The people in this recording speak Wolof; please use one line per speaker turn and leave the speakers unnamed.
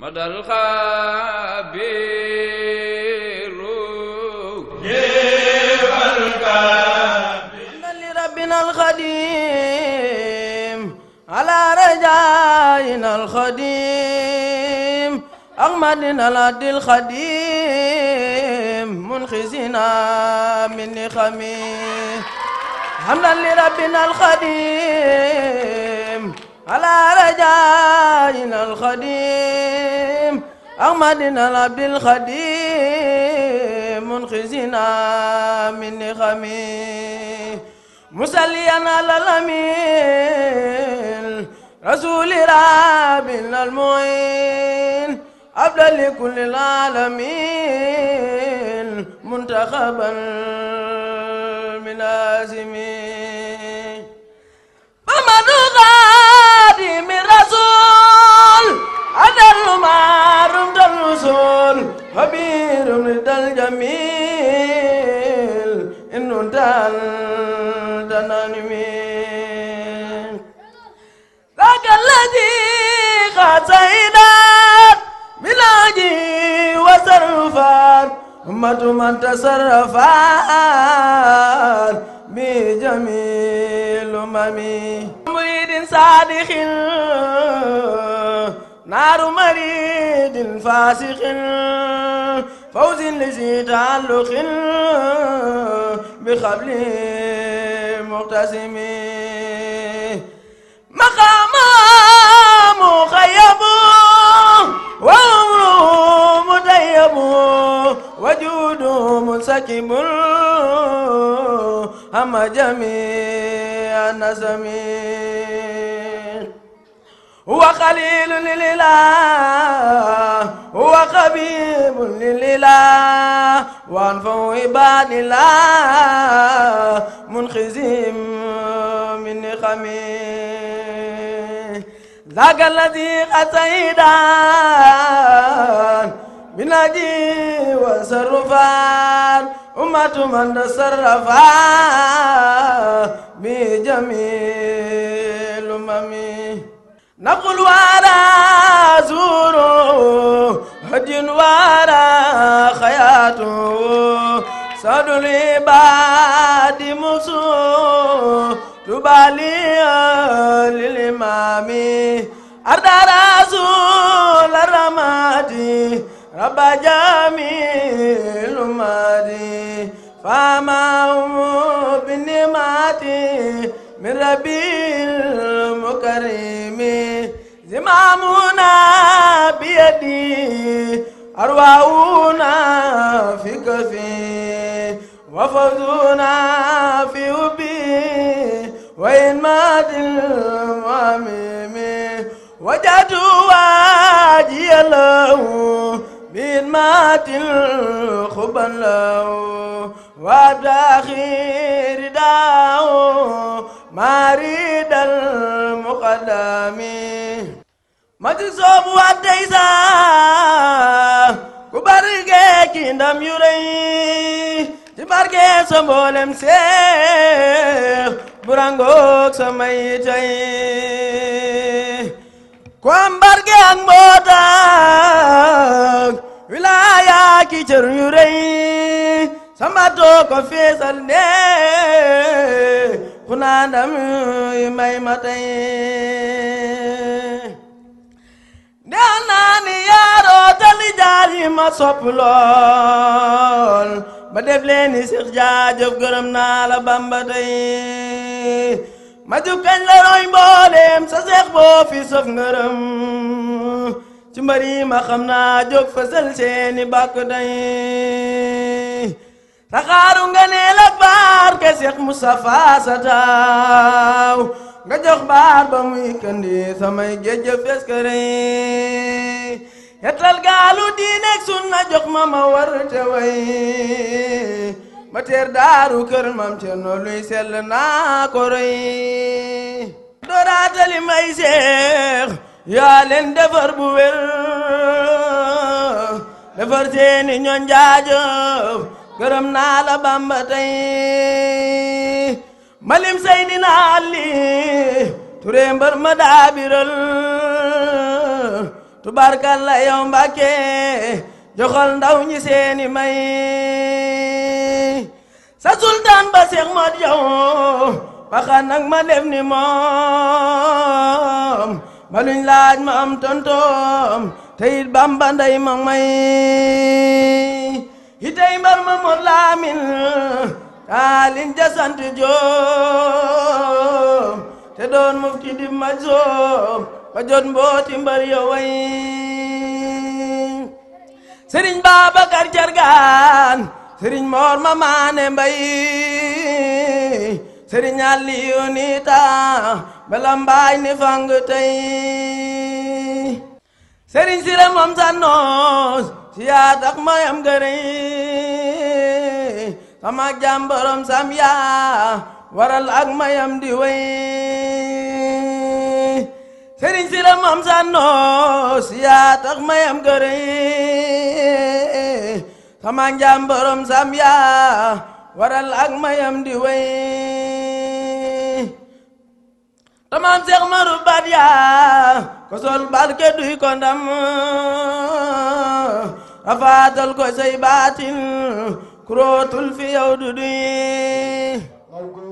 لربنا القديم على رجائنا الخديم أغمدنا لدي الخديم منخزنا من نخمه حمدا لربنا الخديم على رجائنا الخديم أحمدنا العبد الخديم منخزنا من نخمي مسليا على الأمين رسول ربنا المعين عبدا لكل العالمين منتخبا من آزمين فمن خادم الرسول أنا المعروف الوصول خبير لدى الجميل إنه دان دنانمين ذاك الذي قد سيدات بلاجي وصرفات أمة من تصرفات بجميل الأمم مريد صادق نار مريد فاسق فوز لذي تعلق بخبل مقتسم مقام مخيب وعمره مطيب وجود منسكب هم جميل نزمي هو خليل لله هو خبيب لله وانفو عباد الله منخزيم من خميل ذاك الذي من أجي وسرفان أمة من تصرفا بجميع الأمم
نقل ورا
زورو هدي ورا خياته صد العباد مصور تبالي للإمام أرد رسول الرمادي رب جميل مادي فما الصلاة من ربي المكرم زمامنا بيدي أرواحنا في كفي وفوزنا في أبي وإن مات المؤمن وجدت واجي الله من مات الخبا له وبخير داو مريد المقدم مجلسوم وديسا كبرجي كندم يري تبارجي سمبولم سيخ برانغوك سميتي كوام برجي أنبوتك ولايا كي تريري sama too ko feesal nee xunaandam yi may ma tey nee naa ni yaaroo tali jaar yi ma sopp lool ba def leen ni Seex jaajëf gërëm naa la Bamba tey ma jukkañ la roy mbooleem sa seex boo fi sof ngërëm ci mbari ma xam naa jóg fësal seeni bàkk tey taxaaru nga ne la barke Seex Mustafaa sa taaw nga jox baar ba muy kandi samay géej fees këre yetal gaalu diine sunna jox ma ma war te way ma teer daaru kër mam Cerno luy sell naa ko rëy dooraatali may seex yaa leen defar bu wér defar seeni ñoon jaajëf gërëm naa la bamba tey malim Seydina Ali Touré mbër ma daabiral tubarkalla yow Mbàkke joxal ndaw ñi seeni may sa sultaan ba Seex Mat yow waxa nag ma def ni moom ma laaj ma am tontoom te bamba nday ma may hitey mbar ma mor laamin taalin ja sant joom te doon mufti di majoom ba jot mbooti mbar yo way sëriñ Babacar Cargaan sëriñ Mor ma maane mbay sëriñ Aliyu niita bala mbaay ni fang tey sëriñ Sira moom sannoos si yaa tax mayam gërëy sama jaam borom sam yaa waral ak mayam di wey sëriñ si la moom sànnoos yaa tax mayam gërëy sama jaam borom sam yaa waral ak mayam di wey tamaam seex maru baat yaa ko sol duy ko ndam rafaatal ko baatin kurootul fi yow du duy